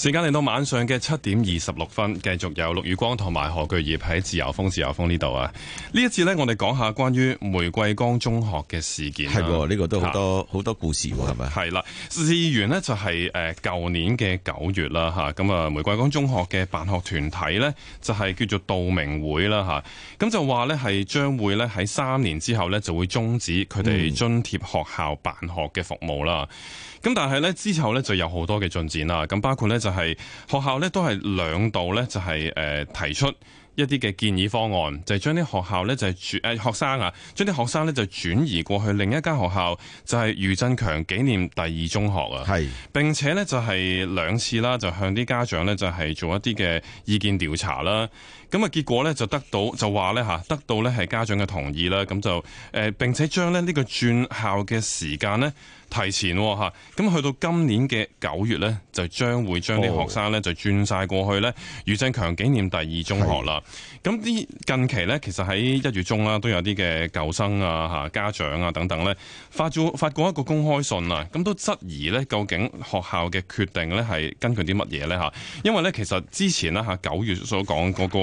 時間嚟到晚上嘅七點二十六分，繼續有陸宇光同埋何巨業喺自由風自由風呢度啊！呢一次呢，我哋講下關於玫瑰崗中學嘅事件。係，呢、這個都好多好、啊、多故事係、啊、咪？係啦的吧，事緣呢就係誒舊年嘅九月啦吓，咁啊玫瑰崗中學嘅辦學團體呢，就係、是、叫做道明會啦吓，咁、啊啊、就話呢，係將會呢喺三年之後呢，就會終止佢哋津貼學校辦學嘅服務啦。嗯咁但係咧之後咧就有好多嘅進展啦，咁包括咧就係學校咧都係兩度咧就係、是、誒、呃、提出一啲嘅建議方案，就係將啲學校咧就係轉誒學生啊，將啲學生咧就轉移過去另一間學校，就係、是、余振強紀念第二中學啊，係是。並且咧就係、是、兩次啦，就向啲家長咧就係、是、做一啲嘅意見調查啦。咁啊結果咧就得到就話咧吓，得到咧係家長嘅同意啦，咁就誒、呃、並且將咧呢個轉校嘅時間咧。提前喎嚇，咁去到今年嘅九月咧，就將會將啲學生咧就轉晒過去咧，余振強紀念第二中學啦。咁啲近期咧，其實喺一月中啦，都有啲嘅舊生啊、嚇家長啊等等咧，發咗發過一個公開信啊，咁都質疑咧，究竟學校嘅決定咧係根據啲乜嘢咧嚇？因為咧，其實之前咧嚇九月所講嗰個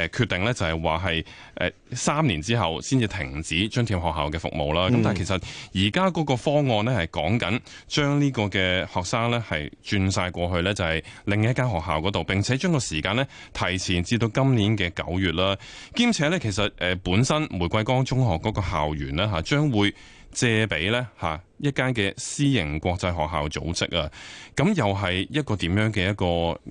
誒決定咧，就係話係。三年之後先至停止津貼學校嘅服務啦。咁、嗯、但係其實而家嗰個方案呢，係講緊將呢個嘅學生呢係轉晒過去呢，就係另一間學校嗰度，並且將個時間呢提前至到今年嘅九月啦。兼且呢，其實誒本身玫瑰崗中學嗰個校園呢，嚇、啊、將會。借俾咧嚇，一間嘅私營國際學校組織啊，咁又係一個點樣嘅一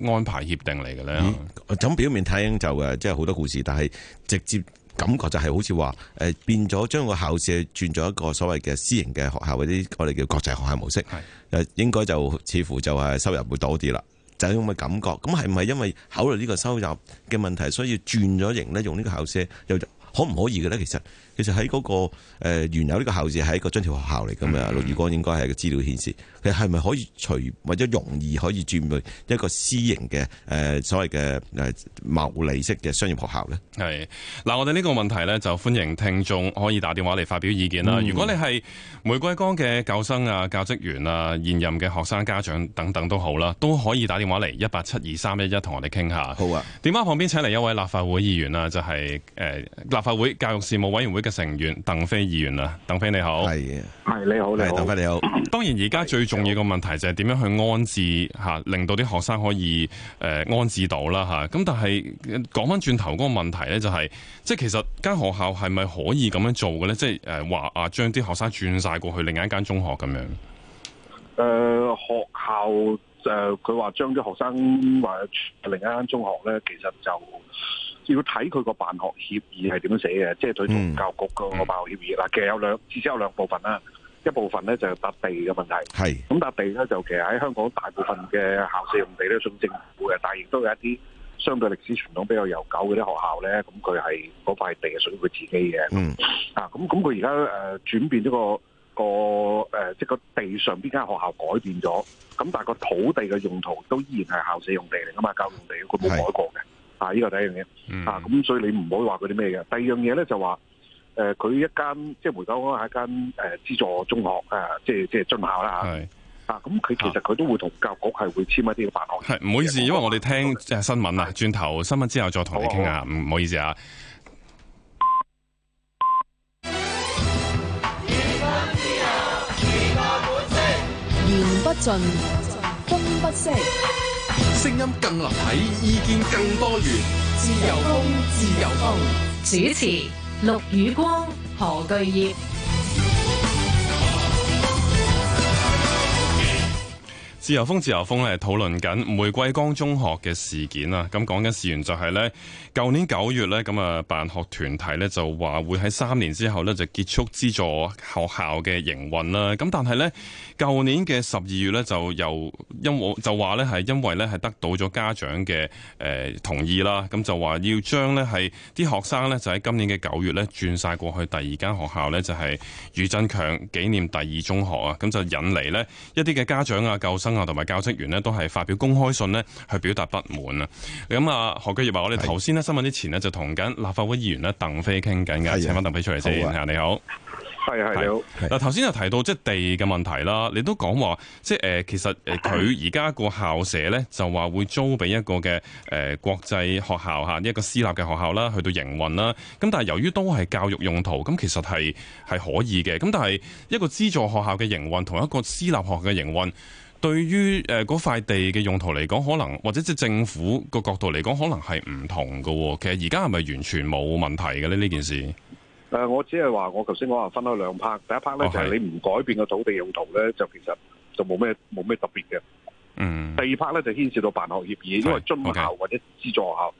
個安排協定嚟嘅咧？咁、嗯、表面睇就誒，即係好多故事，但係直接感覺就係好似話誒變咗將個校舍轉咗一個所謂嘅私營嘅學校或者我哋叫國際學校模式，係誒是應該就似乎就係收入會多啲啦，就係咁嘅感覺。咁係唔係因為考慮呢個收入嘅問題，所以轉咗型咧，用呢個校舍又可唔可以嘅咧？其實？其實喺嗰、那個誒、呃、原有呢個校址係一個津貼學校嚟噶嘛，玫瑰崗應該係，個資料顯示，佢係咪可以隨，或者容易可以轉去一個私營嘅誒所謂嘅誒牟利式嘅商業學校呢？係嗱，我哋呢個問題呢，就歡迎聽眾可以打電話嚟發表意見啦。嗯、如果你係玫瑰崗嘅舊生啊、教職員啊、現任嘅學生家長等等都好啦，都可以打電話嚟一八七二三一一同我哋傾下。好啊，點解？旁邊請嚟一位立法會議員啊，就係、是、誒、呃、立法會教育事務委員會。嘅成員，鄧飛議員啦，鄧飛你好，係，係你好，係，鄧飛你好。 當然而家最重要嘅問題就係點樣去安置嚇、啊，令到啲學生可以誒、呃、安置到啦嚇。咁、啊、但係講翻轉頭嗰個問題咧、就係，就係即係其實間學校係咪可以咁樣做嘅呢？即係誒話啊，將啲學生轉晒過去另一間中學咁樣。誒、呃、學校就佢話、呃、將啲學生話另一間中學呢，其實就。要睇佢個辦學協議係點樣寫嘅，即係佢同教育局個辦學協議啦。嗯、其實有兩至少有兩部分啦，一部分咧就搭、是、地嘅問題。係咁笪地咧就其實喺香港大部分嘅校舍用地咧屬於政府嘅，但係亦都有一啲相對歷史傳統比較悠久嗰啲學校咧，咁佢係嗰塊地係屬於佢自己嘅。啊、嗯，咁咁佢而家誒轉變咗個個誒、呃、即係個地上邊間學校改變咗，咁但係個土地嘅用途都依然係校舍用地嚟噶嘛，教育用地佢冇改過嘅。呢依個第一樣嘢，嗯、啊咁，所以你唔可以話佢啲咩嘅。第二樣嘢咧就話，誒、呃、佢一間即係玫瑰崗係一間誒、呃、資助中學、呃、是啊，即係即係津校啦嚇。啊，咁佢其實佢都會同教育局係會簽一啲嘅辦學。係唔好意思，因為我哋聽新聞啊，對轉頭新聞之後再同你傾下，唔好，好，好意思啊。言不盡，風不息。聲音更立體，意見更多元，自由風，自由風。主持：陸宇光、何巨業。自由風，自由風咧，討論緊玫瑰崗中學嘅事件啊！咁講緊事源就係、是、咧，舊年九月咧，咁啊辦學團體咧就話會喺三年之後咧就結束資助學校嘅營運啦。咁但係咧，舊年嘅十二月咧就由因我就話咧係因為咧係得到咗家長嘅誒同意啦，咁就話要將咧係啲學生咧就喺今年嘅九月咧轉晒過去第二間學校咧就係余振強紀念第二中學啊！咁就引嚟咧一啲嘅家長啊、舊生。同埋教職員咧，都係發表公開信咧，去表達不滿啊。咁啊，何居業話：我哋頭先咧，是新聞之前咧，就同緊立法會議員咧，鄧飛傾緊嘅，請返鄧飛出嚟先。係的你好，係係的你好。嗱的，頭先就提到即係地嘅問題啦。你都講話即係誒、呃，其實誒，佢而家個校舍咧就話會租俾一個嘅誒、呃、國際學校吓，呢一個私立嘅學校啦，去到營運啦。咁但係由於都係教育用途，咁其實係係可以嘅。咁但係一個資助學校嘅營運，同一個私立學校嘅營運。對於誒嗰塊地嘅用途嚟講，可能或者即係政府個角度嚟講，可能係唔同嘅。其實而家係咪完全冇問題嘅咧？呢件事誒，我只係話我頭先講話分開兩 part，第一 part 咧、哦、就係你唔改變個土地用途咧，就其實就冇咩冇咩特別嘅。嗯，第二 part 咧就牽涉到辦學協議，是因為津校或者資助校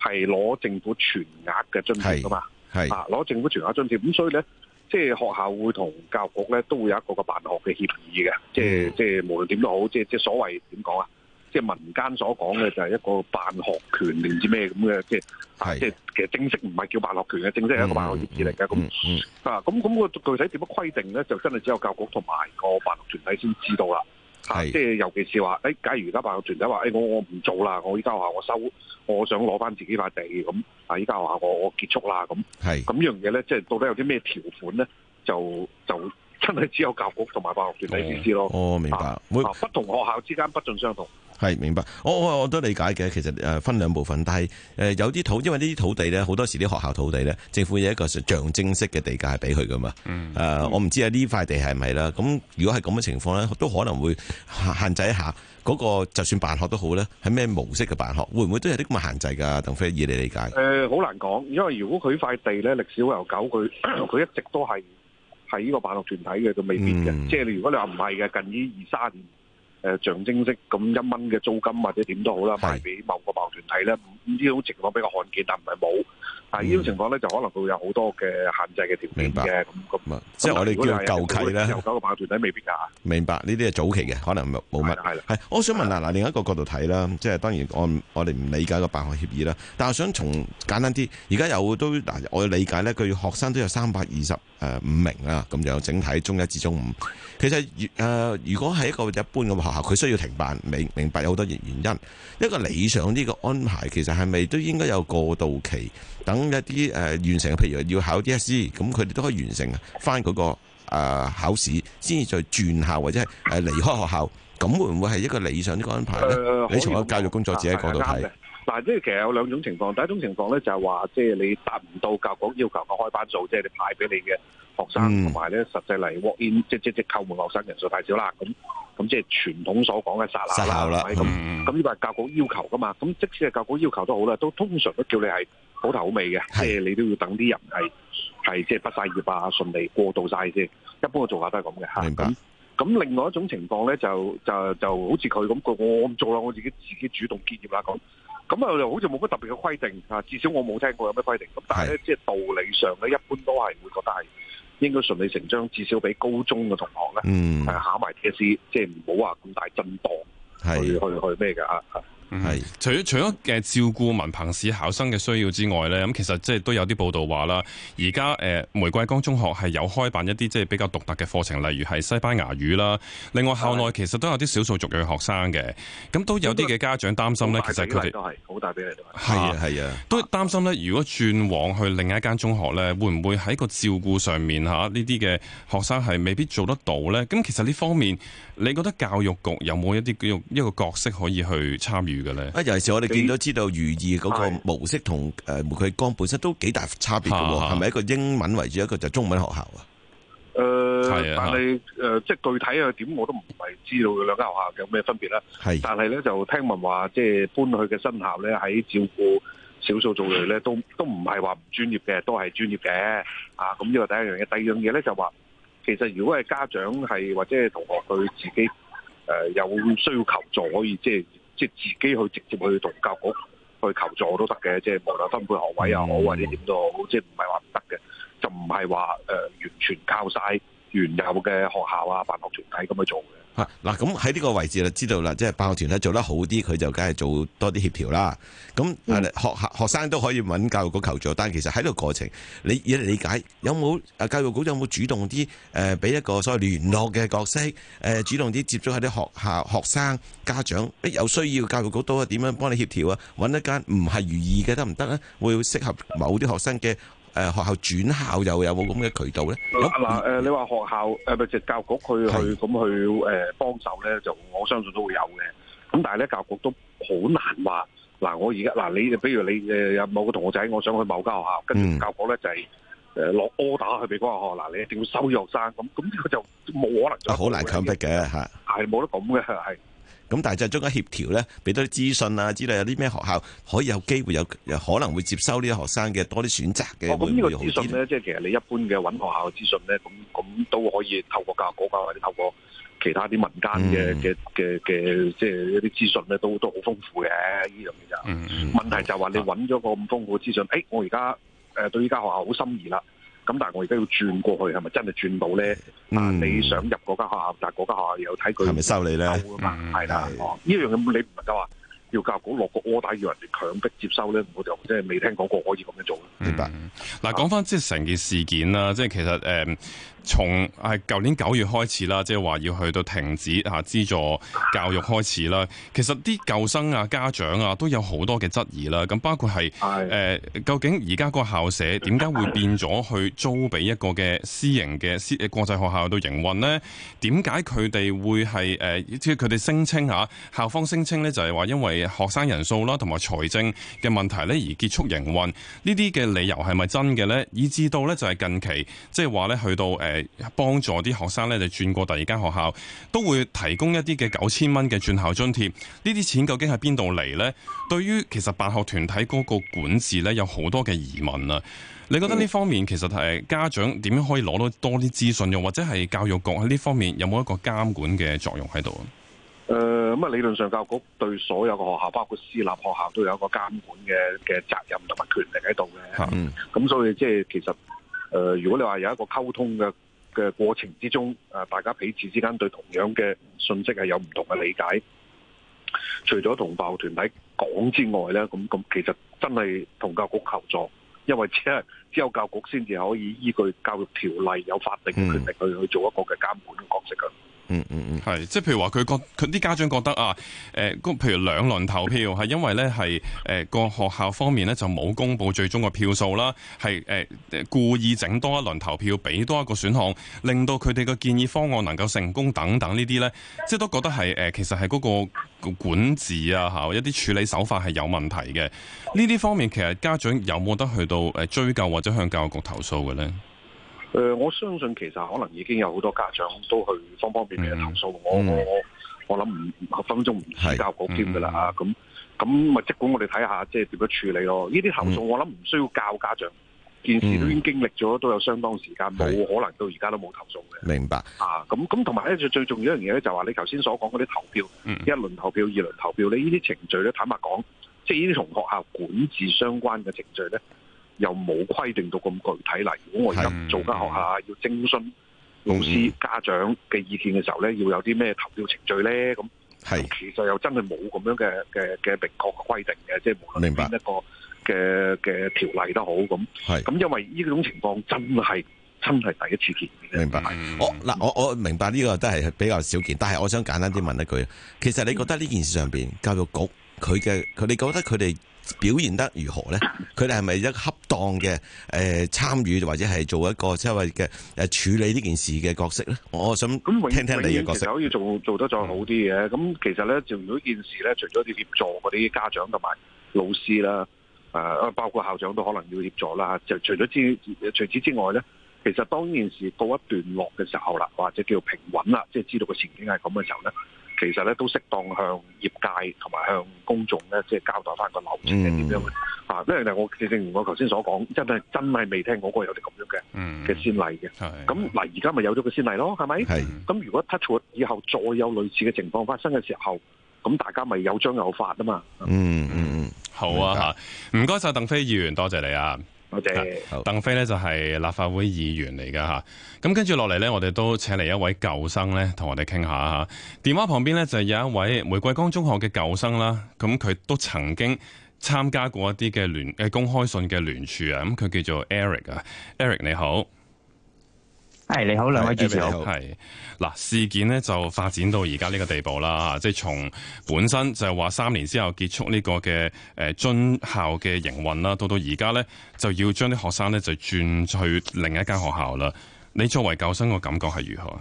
係攞政府全額嘅津貼噶嘛，係攞、啊、政府全額津貼，咁所以咧。即係學校會同教育局咧，都會有一個個辦學嘅協議嘅，嗯、即係即係無論點都好，即係即係所謂點講啊，即係民間所講嘅就係一個辦學權定唔知咩咁嘅，即係係即係其實正式唔係叫辦學權嘅，正式係一個辦學協議嚟嘅，咁、嗯嗯嗯嗯、啊咁咁個具體點樣規定咧，就真係只有教育局同埋個辦學團體先知道啦。係，即係是尤其是話，誒、欸，假如而家辦學團體話，誒、欸，我我唔做啦，我依家學校我收，我想攞翻自己塊地咁，啊，依家話我我結束啦咁，係，咁是樣嘢咧，即係到底有啲咩條款咧，就就真係只有教局同埋辦學團體知知咯。我、哦哦、明白，啊、我不同學校之間不盡相同。係，明白，我我，我都理解嘅。其實誒，分兩部分，但係誒、呃、有啲土，因為呢啲土地咧，好多時啲學校土地咧，政府有一個象徵式嘅地價係俾佢噶嘛。誒、嗯呃，我唔知啊呢塊地係咪係啦。咁如果係咁嘅情況咧，都可能會限制一下嗰、嗰個，就算辦學都好咧，係咩模式嘅辦學，會唔會都有啲咁嘅限制噶？鄧飛，以你理解？誒、呃，好難講，因為如果佢塊地咧歷史悠久，佢佢一直都係係呢個辦學團體嘅，佢未必嘅。嗯、即係如果你話唔係嘅，近依二三年。誒、呃、象徵式咁一蚊嘅租金或者點都好啦，賣俾是某個暴團體咧，呢種情況比較罕見，但唔係冇。呢種情況咧，就可能會有好多嘅限制嘅條件嘅，咁咁啊，即係我哋叫舊契咧，舊九個辦學團體未必啊。明白呢啲係早期嘅，可能冇乜係啦。係，我想問下，嗱的，另一個角度睇啦，即係當然我我哋唔理解個辦學協議啦，但係我想從簡單啲，而家有都嗱，我理解呢，佢學生都有三百二十誒五名啦，咁樣整體中一至中五。其實，誒、呃，如果係一個一般嘅學校，佢需要停辦，明明白有好多原因。一個理想啲嘅、這個、安排，其實係咪都應該有過渡期等？一啲誒、呃、完成，譬如要考 DSE，咁佢哋都可以完成翻嗰、那個誒、呃、考試，先至再轉校或者係誒離開學校，咁會唔會係一個理想嘅安排咧？呃、你從個教育工作自己角度睇嗱，即係其實有兩種情況，第一種情況咧就係話，即係你達唔到教局要求嘅開班數，即係你派俾你嘅學生，同埋咧實際嚟即即即扣滿學生人數太少啦，咁咁即係傳統所講嘅殺校啦，咁咁呢個係教局要求噶嘛，咁即使係教局要求都好啦，都通常都叫你係。好頭好尾嘅，即係的你都要等啲人係係即係畢晒業啊，順利過渡晒先。一般嘅做法都係咁嘅吓。明白。咁另外一種情況咧，就就就好似佢咁，我唔做啦，我自己自己主動結業啦咁。咁啊，好似冇乜特別嘅規定啊，至少我冇聽過有乜規定。咁但係咧，即係的道理上咧，一般都係會覺得係應該順理成章，至少俾高中嘅同學咧，嗯，考埋 DSE，即係唔好話咁大震盪的，去去去咩嘅吓。啊。.係、嗯是，除咗除咗嘅照顧文憑試考生嘅需要之外呢，咁、嗯、其實即係都有啲報道話啦。而家誒玫瑰崗中學係有開辦一啲即係比較獨特嘅課程，例如係西班牙語啦。另外校內其實都有啲少數族裔學生嘅，咁、嗯、都有啲嘅家長擔心呢，嗯、其實佢哋都係好大比例嘅，係啊係啊，啊啊啊都擔心呢，如果轉往去另一間中學呢，會唔會喺個照顧上面嚇呢啲嘅學生係未必做得到呢。咁其實呢方面，你覺得教育局有冇一啲叫一個角色可以去參與？啊！尤其是我哋見到知道如意嗰個模式同誒玫瑰崗本身都幾大差別嘅，係咪一個英文為主，一個就中文學校啊？誒、呃，但係誒、呃，即係具體嘅點我都唔係知道，兩間學校有咩分別啦？係的，但係咧就聽聞話，即係搬去嘅新校咧，喺照顧少數族裔咧，都都唔係話唔專業嘅，都係專業嘅啊！咁、這、呢個第一樣嘢，第二樣嘢咧就話，其實如果係家長係或者係同學佢自己誒、呃、有需要求助，可以即係。即係自己去直接去同教局去求助都得嘅，即係無論分配學位又好，或者點都好，即係唔係話唔得嘅，就唔係話誒完全靠晒。原有嘅學校啊，辦學團體咁去做嘅。嚇嗱、啊，咁喺呢個位置就知道啦，即、就、係、是、辦學團體做得好啲，佢就梗係做多啲協調啦。咁、嗯、學校學生都可以揾教育局求助，但係其實喺呢個過程，你要理解有冇啊教育局有冇主動啲誒，俾、呃、一個所謂聯絡嘅角色誒、呃，主動啲接觸下啲學校學生家長、欸，有需要教育局都係點樣幫你協調啊？揾一間唔係如意嘅得唔得咧？會適合某啲學生嘅。誒，學校轉校又有冇咁嘅渠道咧？咁嗱，誒，你話學校誒，咪即教局，去去咁去誒幫手咧？就我相信都會有嘅。咁但係咧，教局都好難話。嗱，我而家嗱，你譬如你誒有某個同學仔，我想去某間學校，跟住教局咧就係誒落 order 去俾嗰個學校。嗱，你一定要收呢個學生。咁咁呢個就冇可能。好難強迫嘅吓，係冇得咁嘅係。咁但係就增加協調咧，俾多啲資訊啊，之類有啲咩學校可以有機會有，可能會接收呢啲學生嘅多啲選擇嘅。哦，咁、這、呢個資訊咧，即係其實你一般嘅揾學校嘅資訊咧，咁咁都可以透過教育局啊，或者透過其他啲民間嘅嘅嘅嘅，即係一啲資訊咧，都都好豐富嘅呢樣嘢就。嗯、問題就係話你揾咗個咁豐富嘅資訊，誒、哎，我而家誒對依家學校好心儀啦。咁但係我而家要轉過去，係咪真係轉到咧？嗯、啊，你想入嗰間學校，但係嗰間學校有睇佢係咪收你咧？收啊嘛，係啦的，呢樣嘢你唔能得話要教育局落個鍋底，要人哋強迫接收咧，我就即係未聽講過可以咁樣做。明白、嗯。嗱、嗯、講、嗯、翻即係成件事件啦，即係、嗯、其實誒。嗯從係舊年九月開始啦，即係話要去到停止啊，資助教育開始啦。其實啲舊生啊、家長啊都有好多嘅質疑啦。咁包括係誒、呃，究竟而家個校舍點解會變咗去租俾一個嘅私營嘅私誒國際學校去營運呢？點解佢哋會係誒？即佢哋聲稱啊，校方聲稱呢，就係話因為學生人數啦，同埋財政嘅問題呢而結束營運。呢啲嘅理由係咪真嘅呢？以至到呢，就係近期即係話呢，去到誒。呃幫助啲學生咧就轉過第二間學校，都會提供一啲嘅九千蚊嘅轉校津貼。呢啲錢究竟喺邊度嚟呢？對於其實辦學團體嗰個管治咧，有好多嘅疑問啊！你覺得呢方面其實係家長點樣可以攞到多啲資訊，又或者係教育局喺呢方面有冇一個監管嘅作用喺度？誒，理論上教育局對所有嘅學校，包括私立學校，都有一個監管嘅嘅責任同埋權力喺度嘅。嗯，咁所以即係其實誒、呃，如果你話有一個溝通嘅。嘅過程之中，啊，大家彼此之間對同樣嘅信息係有唔同嘅理解。除咗同教團體講之外呢，咁咁其實真係同教育局求助，因為只係只有教局先至可以依據教育條例，有法定嘅權力去去做一個嘅監管嘅角色。嗯嗯嗯，係，即係譬如話佢覺佢啲家長覺得啊，誒、呃，譬如兩輪投票係因為咧係誒個學校方面咧就冇公布最終個票數啦，係誒、呃、故意整多一輪投票，俾多一個選項，令到佢哋嘅建議方案能夠成功等等呢啲咧，即係都覺得係誒、呃、其實係嗰個管治啊吓、啊，一啲處理手法係有問題嘅。呢啲方面其實家長有冇得去到誒追究或者向教育局投訴嘅咧？誒、呃，我相信其實可能已經有好多家長都去方方面面嘅投訴，嗯，我我我我諗五十分鐘唔使交補貼噶啦啊，咁咁咪即管我哋睇下即係點樣處理咯。呢啲投訴，嗯、我諗唔需要教家長，件事都已經經歷咗，都有相當時間，冇是可能到而家都冇投訴嘅。明白啊，咁咁同埋咧最最重要一樣嘢咧，就話你頭先所講嗰啲投票，嗯、一輪投票、二輪投票，你呢啲程序咧，坦白講，即係呢啲同學校管治相關嘅程序咧。又冇規定到咁具體嚟，如果我而家做間學校要徵詢老師、嗯、家長嘅意見嘅時候咧，要有啲咩投票程序咧？咁、嗯，係是其實又真係冇咁樣嘅嘅嘅明確規定嘅，即係無論邊一個嘅嘅條例都好咁，係咁是因為呢種情況真係真係第一次見。明白，嗯、我嗱我我明白呢個都係比較少見，但係我想簡單啲問一句，其實你覺得呢件事上面教育局佢嘅佢，你覺得佢哋表現得如何咧？佢哋係咪一恰當嘅誒、呃、參與或者係做一個即係嘅誒處理呢件事嘅角色咧？我想聽聽你嘅角色。其實可以做做得再好啲嘅。咁、嗯、其實咧，做呢件事咧，除咗要協助嗰啲家長同埋老師啦，啊、呃、包括校長都可能要協助啦。就除咗之，除此之外咧，其實當件事告一段落嘅時候啦，或者叫平穩啦，即、就、係、是、知道個前景係咁嘅時候咧。其實咧都適當向業界同埋向公眾咧，即係交代翻個流程係點樣嘅啊！嗯、因為我正如我頭先所講，真係真係未聽講過有啲咁樣嘅嘅先例嘅。咁嗱、嗯，而家咪有咗個先例咯，係咪？咁的如果 touch wood，以後再有類似嘅情況發生嘅時候，咁大家咪有章有法啊嘛。嗯嗯嗯，好啊嚇，唔該晒鄧飛議員，多謝你啊！好。我哋鄧飛咧就係立法會議員嚟噶吓，咁跟住落嚟咧，我哋都請嚟一位舊生咧，同我哋傾下吓。電話旁邊咧就有一位玫瑰崗中學嘅舊生啦，咁佢都曾經參加過一啲嘅聯誒公開信嘅聯署啊，咁佢叫做 Eric 啊，Eric 你好。係、hey, 你好，兩位主持人係嗱、hey, 事件咧就發展到而家呢個地步啦，即係從本身就係話三年之後結束呢、這個嘅誒、津、呃、校嘅營運啦，到到而家咧就要將啲學生咧就轉去另一間學校啦。你作為舊生，個感覺係如何？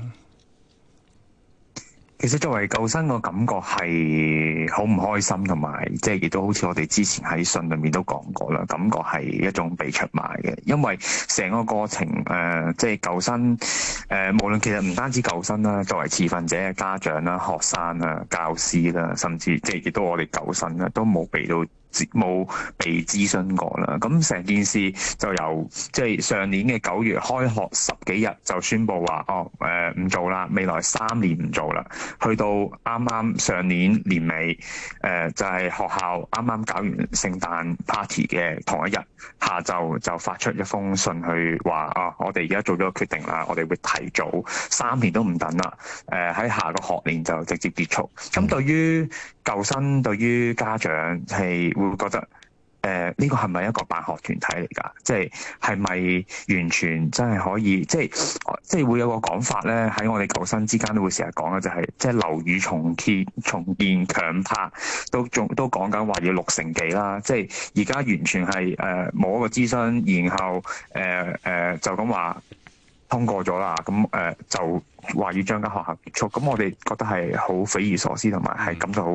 其實作為舊生個感覺係好唔開心，同埋即係亦都好似我哋之前喺信裏面都講過啦，感覺係一種被出賣嘅，因為成個過程誒、呃，即係舊生誒、呃，無論其實唔單止舊生啦，作為持份者嘅家長啦、學生啦、教師啦，甚至即係亦都我哋舊生啦，都冇俾到。冇被諮詢過啦，咁成件事就由即係、就是、上年嘅九月開學十幾日就宣佈話，哦，誒、呃、唔做啦，未來三年唔做啦，去到啱啱上年年尾，誒、呃、就係、是、學校啱啱搞完聖誕 party 嘅同一日下晝就，就發出一封信去話啊、哦，我哋而家做咗個決定啦，我哋會提早三年都唔等啦，誒、呃、喺下個學年就直接結束。咁對於舊生對於家長係會覺得，誒呢個係咪一個辦學團體嚟㗎？即係係咪完全真係可以？即係即係會有個講法咧，喺我哋舊生之間都會成日講嘅，就係即係樓宇重建、重建強拍都仲都講緊話要六成幾啦。即係而家完全係誒冇一個諮詢，然後誒誒、呃呃、就咁話。通過咗啦，咁誒、呃、就話要將間學校結束，咁我哋覺得係好匪夷所思，同埋係感到好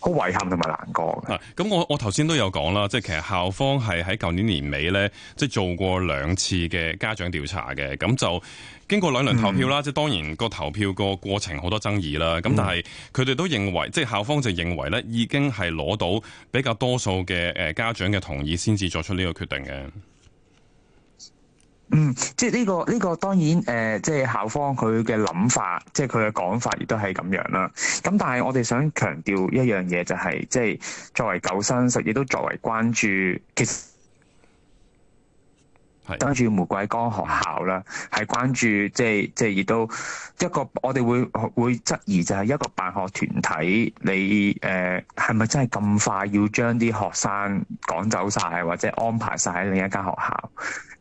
好遺憾同埋難過嘅。咁、啊、我我頭先都有講啦，即係其實校方係喺舊年年尾呢，即係做過兩次嘅家長調查嘅，咁就經過兩輪投票啦。即係、嗯、當然個投票個過程好多爭議啦，咁、嗯、但係佢哋都認為，即係校方就認為呢已經係攞到比較多數嘅誒家長嘅同意，先至作出呢個決定嘅。嗯，即係呢個呢個，這個、當然誒、呃，即係校方佢嘅諗法，即係佢嘅講法，亦都係咁樣啦。咁但係我哋想強調一樣嘢、就是，就係即係作為舊生，亦都作為關注，其是跟住玫瑰崗學校啦，係關注即係即係亦都一個我哋會會質疑就係一個辦學團體，你誒係咪真係咁快要將啲學生趕走晒，或者安排晒喺另一間學校？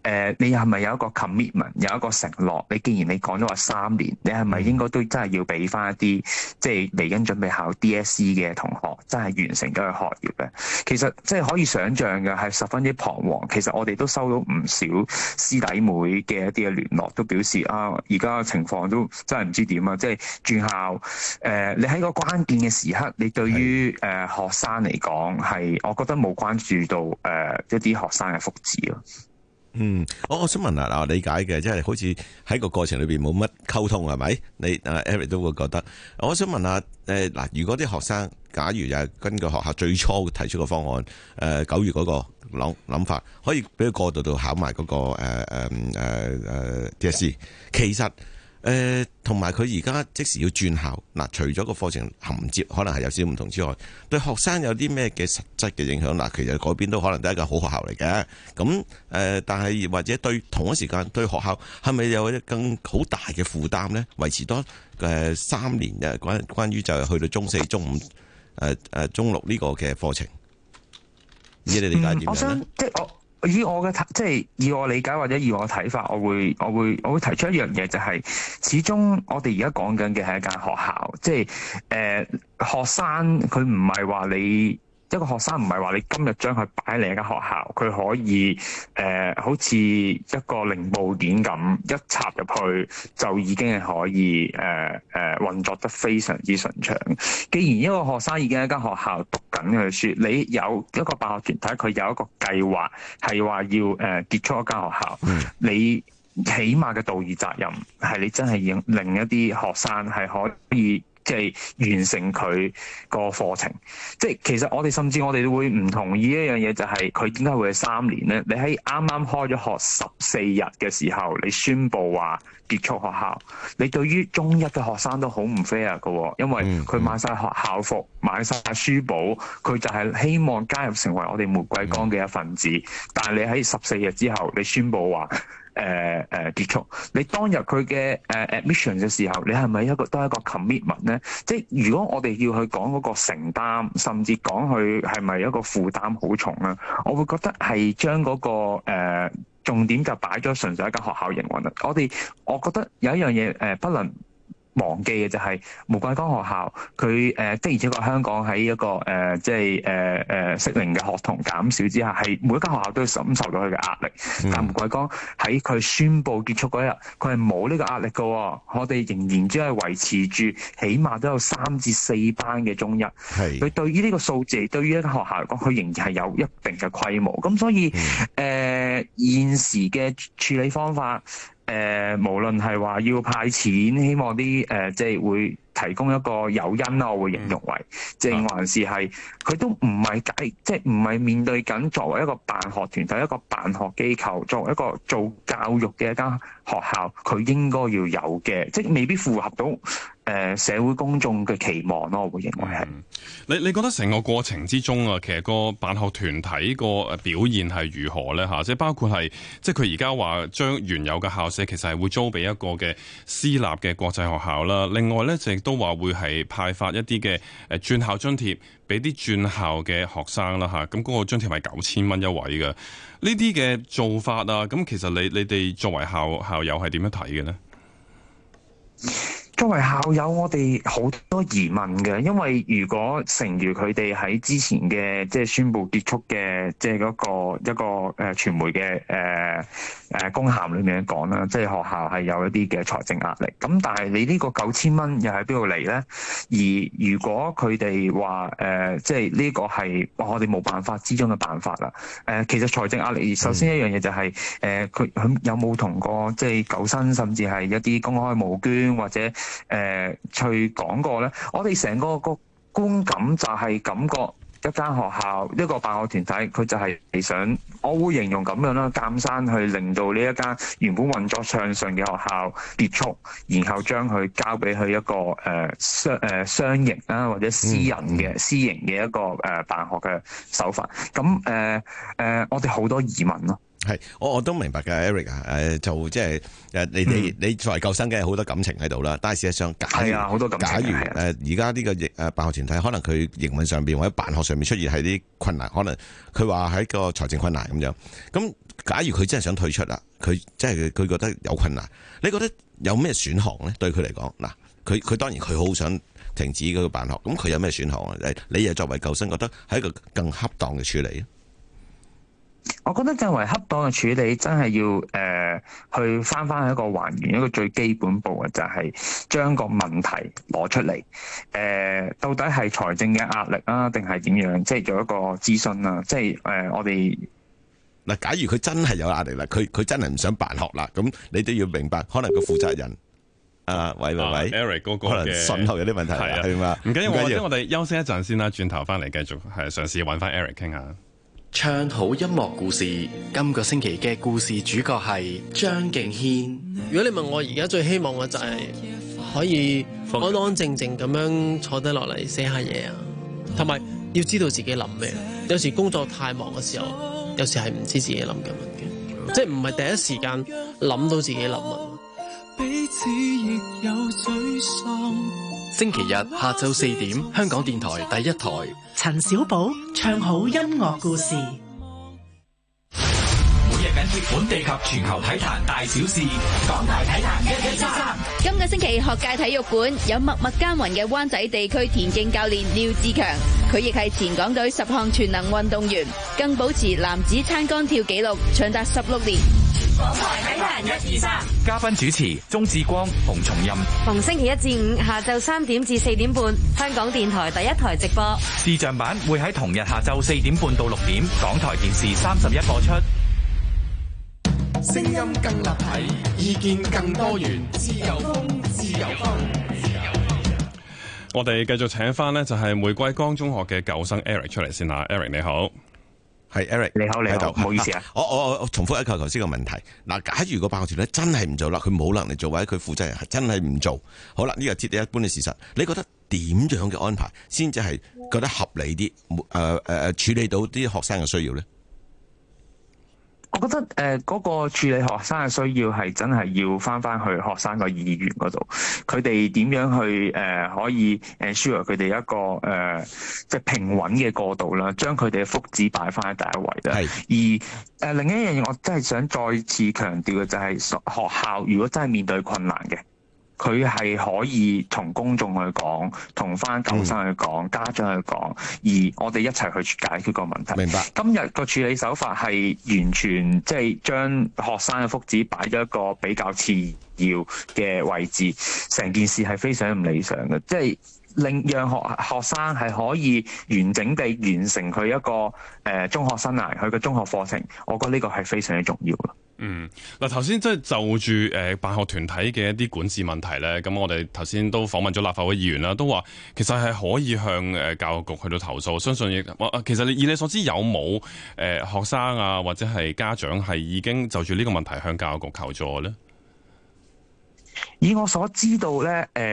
誒、呃，你係咪有一個 commitment，有一個承諾？你既然你講咗話三年，你係咪應該都真係要俾翻一啲即係嚟緊準備考 DSE 嘅同學真係完成咗佢學業咧？其實即係可以想象嘅係十分之彷徨。其實我哋都收到唔少。師弟妹嘅一啲嘅聯絡都表示啊，而家嘅情況都真係唔知點啊！即係轉校，誒、呃，你喺個關鍵嘅時刻，你對於誒、呃、學生嚟講係，我覺得冇關注到誒、呃、一啲學生嘅福祉咯。嗯，我、哦、我想問下，嗱、哦、理解嘅，即係好似喺個過程裏邊冇乜溝通係咪？你啊，Eric 都會覺得。我想問下，誒、呃、嗱，如果啲學生假如又根據學校最初提出嘅方案，誒、呃、九月嗰個諗諗法，可以俾佢過渡到考埋嗰、嗰個誒誒誒 DSE，其實。誒，同埋佢而家即時要轉校，嗱、呃，除咗個課程銜接可能係有少少唔同之外，對學生有啲咩嘅實質嘅影響？嗱、呃，其實嗰邊都可能都係一個好學校嚟嘅。咁、嗯、誒、呃，但係或者對同一時間對學校係咪有更好大嘅負擔呢？維持多誒、呃、三年嘅關關於就係去到中四、中五、誒、呃、誒、呃、中六呢個嘅課程，以你理解點樣呢？嗯以我嘅睇，即係以我理解或者以我嘅睇法，我會我會我會提出一樣嘢，就係、是、始終我哋而家講緊嘅係一間學校，即係誒、呃、學生佢唔係話你。一個學生唔係話你今日將佢擺喺另一間學校，佢可以誒、呃，好似一個零部件咁一,一插入去就已經係可以誒誒運作得非常之順暢。既然一個學生已經喺一間學校讀緊嘅書，你有一個辦學團體，佢有一個計劃係話要誒、呃、結束一間學校，嗯、你起碼嘅道義責任係你真係要令一啲學生係可以。即係完成佢個課程，即係其實我哋甚至我哋會唔同意一樣嘢，就係佢點解會係三年咧？你喺啱啱開咗學十四日嘅時候，你宣布話結束學校，你對於中一嘅學生都好唔 fair 噶，因為佢買晒學校服、買晒書簿，佢就係希望加入成為我哋玫瑰崗嘅一份子，但係你喺十四日之後，你宣布話。誒誒、呃呃、結束，你當日佢嘅誒 admission 嘅時候，你係咪一個都係一個 commitment 咧？即係如果我哋要去講嗰個承擔，甚至講佢係咪一個負擔好重咧？我會覺得係將嗰、那個、呃、重點就擺咗純粹一間學校營運啦。我哋我覺得有一樣嘢誒不能忘記嘅就係、是、玫瑰崗間學校，佢誒、呃、的而且確香港喺一個誒、呃、即係誒誒適齡嘅學童減少之下，係每一間學校都要審受，受到佢嘅壓力。嗯、但玫瑰崗喺佢宣布結束嗰日，佢係冇呢個壓力嘅、哦。我哋仍然只係維持住，起碼都有三至四班嘅中一。係佢是對於呢個數字，對於一間學校嚟講，佢仍然係有一定嘅規模。咁所以誒、嗯呃、現時嘅處理方法。誒、呃，無論係話要派錢，希望啲誒、呃，即係會。提供一個誘因啦，我會形容為正，淨、嗯、還是係佢都唔係解，即係唔係面對緊，作為一個辦學團體，一個辦學機構，作為一個做教育嘅一間學校，佢應該要有嘅，即係未必符合到誒、呃、社會公眾嘅期望咯。我會認為係。你、嗯、你覺得成個過程之中啊，其實個辦學團體個誒表現係如何咧？吓，即係包括係即係佢而家話將原有嘅校舍其實係會租俾一個嘅私立嘅國際學校啦。另外咧就是都話會係派發一啲嘅誒轉校津貼，俾啲轉校嘅學生啦嚇。咁、那、嗰個津貼係九千蚊一位嘅。呢啲嘅做法啊，咁其實你你哋作為校校友係點樣睇嘅呢？作為校友，我哋好多疑問嘅，因為如果誠如佢哋喺之前嘅即係宣布結束嘅，即係、那、嗰個一個誒傳、呃、媒嘅誒誒公函裏面講啦，即係學校係有一啲嘅財政壓力。咁但係你個呢個九千蚊又喺邊度嚟咧？而如果佢哋話誒，即係呢個係我哋冇辦法之中嘅辦法啦。誒、呃，其實財政壓力，首先一樣嘢就係、是、誒，佢、嗯呃、有冇同過即係舊生，甚至係一啲公開募捐或者？誒，去、呃、講過咧，我哋成個個觀感就係感覺一間學校一個辦學團體，佢就係想，我會形容咁樣啦，監生去令到呢一間原本運作暢順嘅學校跌速，然後將佢交俾佢一個誒雙誒雙贏啦，或者私人嘅、嗯、私營嘅一個誒、呃、辦學嘅手法。咁誒誒，我哋好多疑問咯。係，我我都明白嘅，Eric 啊、呃，就即係，誒，你你你作為舊生梗係好多感情喺度啦，但係事實上，假如，誒、哎，而家呢個誒辦學團體可能佢營運上邊或者辦學上面出現喺啲困難，可能佢話喺個財政困難咁樣，咁假如佢真係想退出啦，佢即係佢覺得有困難，你覺得有咩選項咧？對佢嚟講，嗱，佢佢當然佢好想停止嗰個辦學，咁佢有咩選項啊？你又作為舊生覺得係一個更恰當嘅處理我覺得作為恰當嘅處理，真係要誒去翻翻一個還原，一個最基本步嘅就係將個問題攞出嚟。誒，到底係財政嘅壓力啊，定係點樣？即係做一個諮詢啊，即係誒，我哋嗱，假如佢真係有壓力啦，佢佢真係唔想辦學啦，咁你都要明白，可能個負責人啊，喂喂喂，Eric 嗰個，可能訊號有啲問題係嘛？唔緊要，我哋休息一陣先啦，轉頭翻嚟繼續係嘗試揾翻 Eric 傾下。唱好音樂故事，今個星期嘅故事主角係張敬軒。如果你問我而家最希望嘅，就係可以安安靜靜咁樣坐低落嚟寫下嘢啊，同埋要知道自己諗咩。有時工作太忙嘅時候，有時係唔知自己諗緊乜嘅，即係唔係第一時間諗到自己諗乜。 星期日下晝四點，香港電台第一台，陳小寶唱好音樂故事。每日緊貼本地及全球體壇大小事，港台體壇一三三。今個星期，學界體育館有默默耕耘嘅灣仔地區田徑教練廖志強，佢亦係前港隊十項全能運動員，更保持男子撐桿跳紀錄長達十六年。港台睇人一二三，1, 2, 嘉賓主持鐘志光、馮松蔭，逢星期一至五下晝三點至四點半，香港電台第一台直播。視像版會喺同日下晝四點半到六點，港台電視三十一播出。聲音更立體，意見更多元，自由風，自由風，自由風。我哋繼續請翻咧，就係玫瑰崗中學嘅舊生 Eric 出嚟先吓，Eric 你好。係是 Eric，你好，你好，唔的好意思啊。啊我我我，我重複一下頭先嘅問題。嗱，假如個辦學團咧真係唔做啦，佢冇能力做，或者佢負責人係真係唔做，好啦，呢個切底一般嘅事實。你覺得點樣嘅安排先至係覺得合理啲？誒誒誒，處理到啲學生嘅需要咧？我覺得誒，嗰、呃那個處理學生嘅需要係真係要翻翻去學生個意願嗰度，佢哋點樣去誒、呃、可以誒確保佢哋一個誒即係平穩嘅過渡啦，將佢哋嘅福祉擺翻喺第一位啦。係是而誒、呃、另一樣嘢我真係想再次強調嘅就係學校如果真係面對困難嘅。佢係可以同公眾去講，同翻舊生去講，家長去講，而我哋一齊去解決個問題。明白。今日個處理手法係完全即係、就是、將學生嘅福祉擺咗一個比較次要嘅位置，成件事係非常唔理想嘅，即係令讓學學生係可以完整地完成佢一個誒、呃、中學生涯，佢嘅中學課程，我覺得呢個係非常之重要。嗯，嗱，頭先即係就住誒辦學團體嘅一啲管治問題咧，咁我哋頭先都訪問咗立法會議員啦，都話其實係可以向誒教育局去到投訴，相信亦，其實你以你所知有冇誒學生啊或者係家長係已經就住呢個問題向教育局求助咧？以我所知道咧，誒、呃、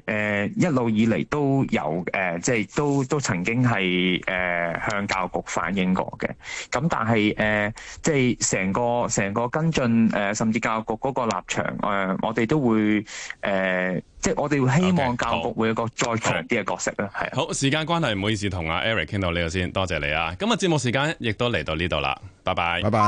誒、呃，一路以嚟都有誒、呃，即係都都曾經係誒、呃、向教育局反映過嘅。咁但係誒、呃，即係成個成個跟進誒、呃，甚至教育局嗰個立場誒、呃，我哋都會誒、呃，即係我哋會希望教育局會有個再強啲嘅角色啦。係。Okay. 是好，時間關係唔好意思，同阿 Eric 傾到呢度先，多謝你啊。今日節目時間亦都嚟到呢度啦，拜拜，拜拜。